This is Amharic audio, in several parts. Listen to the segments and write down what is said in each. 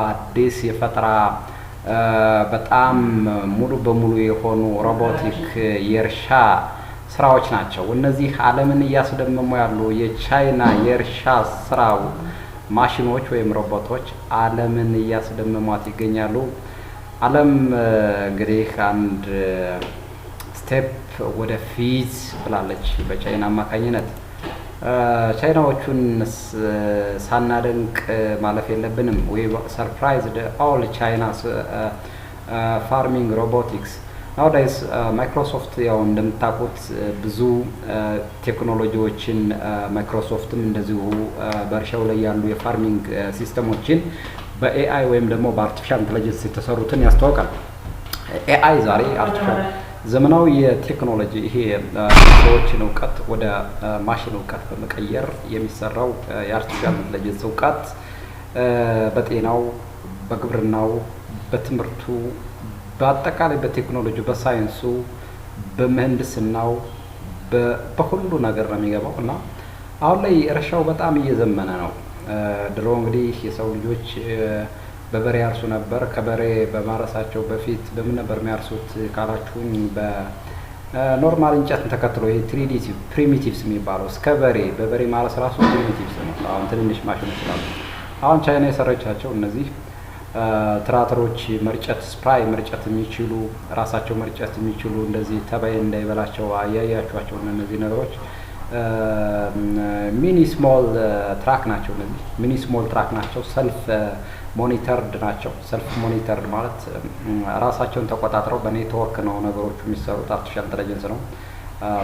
አዲስ የፈጠራ በጣም ሙሉ በሙሉ የሆኑ ሮቦቲክ የእርሻ ስራዎች ናቸው። እነዚህ ዓለምን እያስደመሙ ያሉ የቻይና የእርሻ ስራ ማሽኖች ወይም ሮቦቶች ዓለምን እያስደመሟት ይገኛሉ። ዓለም እንግዲህ አንድ ስቴፕ ወደፊት ብላለች በቻይና አማካኝነት። ቻይናዎቹን ሳናደንቅ ማለፍ የለብንም። ዊ ሰርፕራይዝ ኦል ቻይናስ ፋርሚንግ ሮቦቲክስ ናውዳይስ ማይክሮሶፍት ያው እንደምታውቁት ብዙ ቴክኖሎጂዎችን ማይክሮሶፍትም እንደዚሁ በእርሻው ላይ ያሉ የፋርሚንግ ሲስተሞችን በኤአይ ወይም ደግሞ በአርቲፊሻል ኢንቴሊጀንስ የተሰሩትን ያስተዋውቃል። ኤአይ ዛሬ አርቲፊሻል ዘመናዊ የቴክኖሎጂ ይሄ ሰዎችን እውቀት ወደ ማሽን እውቀት በመቀየር የሚሰራው የአርቲፊሻል ኢንተለጀንስ እውቀት በጤናው፣ በግብርናው፣ በትምህርቱ፣ በአጠቃላይ በቴክኖሎጂ፣ በሳይንሱ፣ በምህንድስናው በሁሉ ነገር ነው የሚገባው እና አሁን ላይ እርሻው በጣም እየዘመነ ነው። ድሮ እንግዲህ የሰው ልጆች በበሬ ያርሱ ነበር። ከበሬ በማረሳቸው በፊት በምን ነበር የሚያርሱት ካላችሁኝ በኖርማል እንጨትን ተከትሎ ይሄ ትሪዲቲቭ ፕሪሚቲቭስ የሚባለው እስከ በሬ በበሬ ማረስ ራሱ ፕሪሚቲቭስ ነው። አሁን ትንንሽ ማሽኖች ስላሉ አሁን ቻይና የሰረቻቸው እነዚህ ትራተሮች መርጨት ስፕራይ መርጨት የሚችሉ ራሳቸው መርጨት የሚችሉ እንደዚህ ተባይ እንዳይበላቸው አያያቸዋቸው እነዚህ ነገሮች ሚኒ ስሞል ትራክ ናቸው። እነዚህ ሚኒ ስሞል ትራክ ናቸው ሰልፍ ሞኒተርድ ናቸው። ሰልፍ ሞኒተርድ ማለት ራሳቸውን ተቆጣጥረው በኔትወርክ ነው ነገሮቹ የሚሰሩት። አርቲፊሻል ኢንተለጀንስ ነው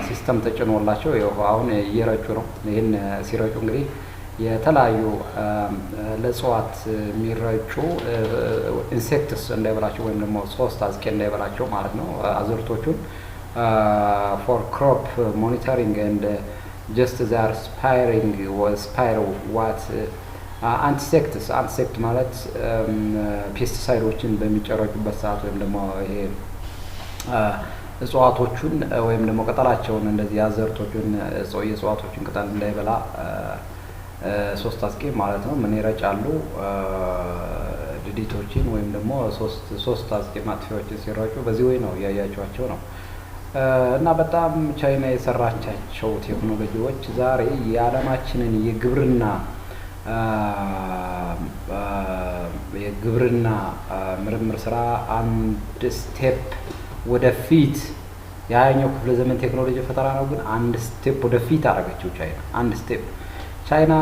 ሲስተም ተጭኖላቸው አሁን እየረጩ ነው። ይህን ሲረጩ እንግዲህ የተለያዩ ለእጽዋት የሚረጩ ኢንሴክትስ እንዳይበላቸው ወይም ደግሞ ሶስት አዝቄ እንዳይበላቸው ማለት ነው አዝርቶቹን ፎር ክሮፕ ሞኒተሪንግ ኤንድ ጀስት ዛር ስፓይሪንግ ስፓይር ዋት አንቲሴክትስ አንቲሴክት ማለት ፔስቲሳይዶችን በሚጨረጩበት ሰዓት ወይም ደግሞ ይሄ እጽዋቶቹን ወይም ደግሞ ቅጠላቸውን እንደዚህ የአዘርቶቹን የእጽዋቶቹን ቅጠል እንዳይበላ ሶስት አስቂ ማለት ነው። ምን ይረጫሉ? ድዲቶችን ወይም ደግሞ ሶስት አስቂ ማጥፊያዎችን ሲረጩ በዚህ ወይ ነው እያያቸዋቸው ነው። እና በጣም ቻይና የሰራቻቸው ቴክኖሎጂዎች ዛሬ የዓለማችንን የግብርና የግብርና ምርምር ስራ አንድ ስቴፕ ወደፊት የሀያኛው ክፍለ ዘመን ቴክኖሎጂ ፈጠራ ነው። ግን አንድ ስቴፕ ወደፊት አደረገችው ቻይና። አንድ ስቴፕ ቻይና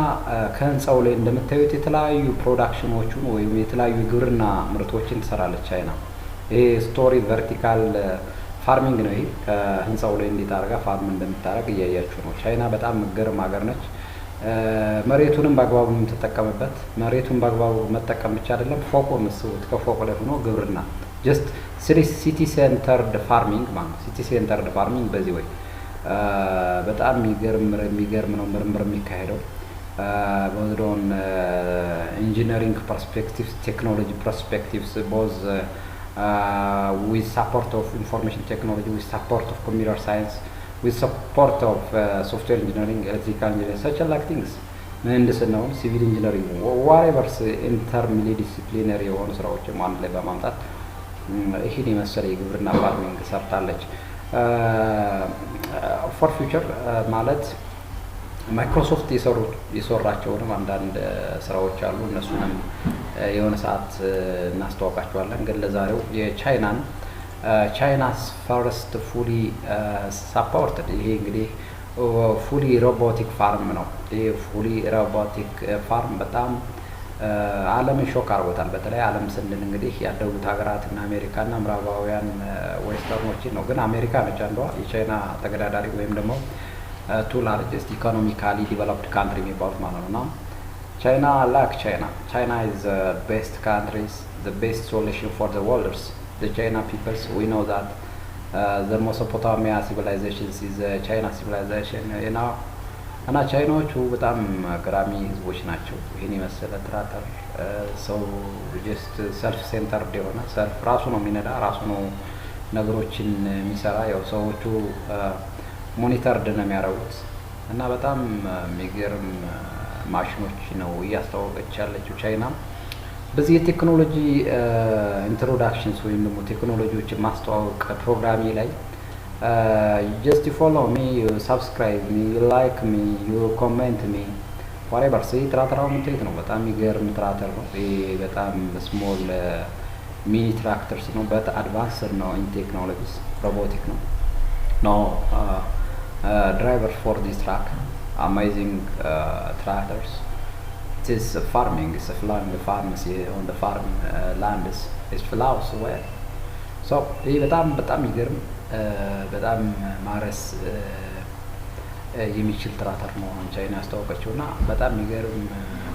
ከህንፃው ላይ እንደምታዩት የተለያዩ ፕሮዳክሽኖቹን ወይም የተለያዩ የግብርና ምርቶችን ትሰራለች ቻይና። ይሄ ስቶሪ ቨርቲካል ፋርሚንግ ነው። ይሄ ከህንፃው ላይ እንዴት አድርጋ ፋርም እንደምታደርግ እያያችሁ ነው። ቻይና በጣም መገርም ሀገር ነች። መሬቱንም በአግባቡ የምትጠቀምበት መሬቱን በአግባቡ መጠቀም ብቻ አይደለም፣ ፎቁ እስቡት። ከፎቁ ላይ ሆኖ ግብርና ጀስት ሲቲ ሴንተርድ ፋርሚንግ ማለት ሲቲ ሴንተርድ ፋርሚንግ በዚህ ወይ በጣም የሚገርም የሚገርም ነው ምርምር የሚካሄደው ቦዝዶን ኢንጂነሪንግ ፐርስፔክቲቭስ ቴክኖሎጂ ፐርስፔክቲቭስ ቦዝ ዊዝ ሳፖርት ኦፍ ኢንፎርሜሽን ቴክኖሎጂ ዊዝ ሳፖርት ኦፍ ኮምፒውተር ሳይንስ with support of uh, software engineering, ethical engineering, such like things ምህንድስናውን ሲቪል ኢንጂነሪንግ ዋሬቨርስ ኢንተርሚሊ ዲሲፕሊነሪ የሆኑ ስራዎችም አንድ ላይ በማምጣት ይህን የመሰለ የግብርና ፋርሚንግ ሰርታለች። ፎር ፊውቸር ማለት ማይክሮሶፍት የሰራቸውንም አንዳንድ ስራዎች አሉ። እነሱንም የሆነ ሰዓት እናስተዋውቃቸዋለን። ግን ለዛሬው የቻይናን ቻይናስ ፈርስት ፉሊ ሳፖርትድ። ይሄ እንግዲህ ፉሊ ሮቦቲክ ፋርም ነው። ይህ ፉሊ ሮቦቲክ ፋርም በጣም uh, ዓለምን ሾክ አድርጎታል። በተለይ ዓለም ስንል እንግዲህ ያደጉት ሀገራት እና አሜሪካና ምዕራባውያን ዌስተርኖችን uh, ነው። ግን አሜሪካ ነች አንዷ የቻይና ተገዳዳሪ ወይም ደግሞ ቱ ላርጀስት ኢኮኖሚካሊ ዲቨሎፕድ ካንትሪ የሚባሉት ማለት ነው። እና ቻይና ላክ ቻይና ቻይና ኢዝ ቤስት ካንትሪስ ቤስት ሶሉሽን ፎር ዘ ወርልድስ the China peoples. We know that uh, the Mesopotamia civilization is the China civilization uh, you know እና ቻይናዎቹ በጣም uh, ገራሚ ህዝቦች ናቸው። ይህን የመሰለ ትራተር uh, ሰው ጀስት ሰልፍ ሴንተርድ የሆነ ሰልፍ ራሱ ነው የሚነዳ ራሱ ነው ነገሮችን የሚሰራ ያው ሰዎቹ ሞኒተርድ ነው የሚያደርጉት እና በጣም የሚገርም ማሽኖች ነው እያስተዋወቀች ያለችው ቻይና። በዚህ የቴክኖሎጂ ኢንትሮዳክሽንስ ወይም ደግሞ ቴክኖሎጂዎች ማስተዋወቅ ፕሮግራሜ ላይ ጀስት ፎሎ ሚ ሰብስክራይብ ሚ ላይክ ሚ ዩ ኮሜንት ሚ ዋሬቨር ስ ትራተራው ምትሄድ ነው። በጣም የሚገርም ትራተር ነው። በጣም ስሞል ሚኒ ትራክተርስ ነው። በት አድቫንስድ ነው ኢን ቴክኖሎጂስ ሮቦቲክ ነው። ኖ ድራይቨር ፎር ዲስ ትራክ አማይዚንግ ትራክተርስ it is a farming, it's a farming, the pharmacy on the farm uh, land is, is flowers well. so ይህ በጣም በጣም ይገርም uh, በጣም ማረስ uh, uh, የሚችል ትራተር መሆኑን ቻይና ያስተዋወቀችው እና በጣም የሚገርም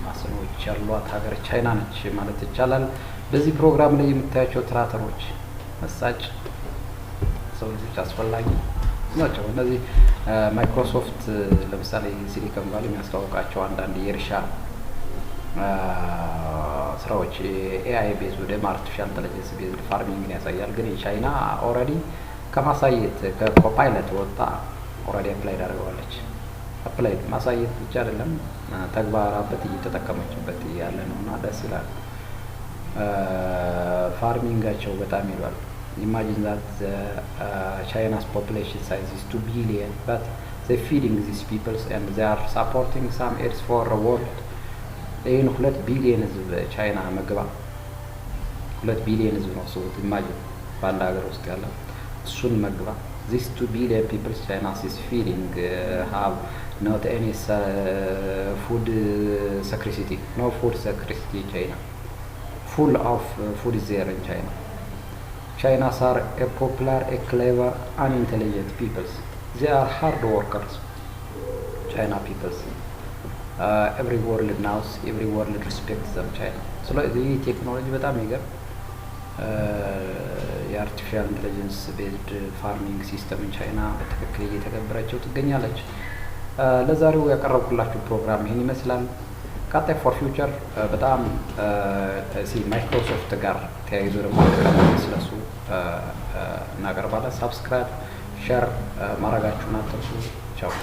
ማሰኖች ያሏት ሀገር ቻይና ነች ማለት ይቻላል። በዚህ ፕሮግራም ላይ የምታያቸው ትራተሮች መሳጭ ሰው ልጆች አስፈላጊ ናቸው። እነዚህ ማይክሮሶፍት ለምሳሌ ሲሊኮን ቫሊ የሚያስተዋውቃቸው አንዳንድ የእርሻ ስራዎች ኤአይ ቤዝ ወይም አርቲፊሻል ኢንተለጀንስ ቤዝ ፋርሚንግን ያሳያል። ግን የቻይና ኦልሬዲ ከማሳየት ከኮፓይለት ወጣ ኦልሬዲ አፕላይ ዳርገዋለች። አፕላይ ማሳየት ብቻ አይደለም ተግባራበት እየተጠቀመችበት ያለ ነው እና ደስ ይላል። ፋርሚንጋቸው በጣም ይሏል። ኢማጂን ዛት ቻይናስ ፖፕሌሽን ሳይዝ ኢዝ ቱ ቢሊየን በት ፊዲንግ ዚስ ፒፕልስ ኤንድ ዛር ሳፖርቲንግ ሳም ኤድስ ፎር ወርልድ ይህን ሁለት ቢሊየን ህዝብ ቻይና መግባ ሁለት ቢሊየን ህዝብ ነው ሰው ትማየ በአንድ ሀገር ውስጥ ያለ እሱን መግባ ዚስ ቱ ቢሊየን ፒፕልስ ቻይና ሲስ ፊሊንግ ሀብ ኖት ኤኒ ፉድ ሰክሪሲቲ ኖ ፉድ ሰክሪሲቲ ቻይና ፉል ኦፍ ፉድ ዜር ኢን ቻይና ቻይና ሳር ኤ ፖፕላር ኤ ክሌቨር አን ኢንቴሊጀንት ፒፕልስ ዚ አር ሃርድ ወርከርስ ቻይና ፒፕልስ ኤቭሪ ወርልድ ናውስ ኤቭሪ ወርልድ ሪስፔክት ዘም ቻይና። ስለዚህ ይህ ቴክኖሎጂ በጣም ይገር uh, የአርቲፊሻል ኢንቴሊጀንስ ቤዝድ ፋርሚንግ ሲስተም ቻይና በትክክል እየተገበረችው ትገኛለች። uh, ለዛሬው ያቀረብኩላችሁ ፕሮግራም ይህን ይመስላል። ቀጣይ ፎር ፊውቸር uh, በጣም ማይክሮሶፍት ጋር ተያይዞ ደግሞ ስለሱ እናቀርባለን። ሳብስክራይብ ሸር ማድረጋችሁን አትርሱ። ቻው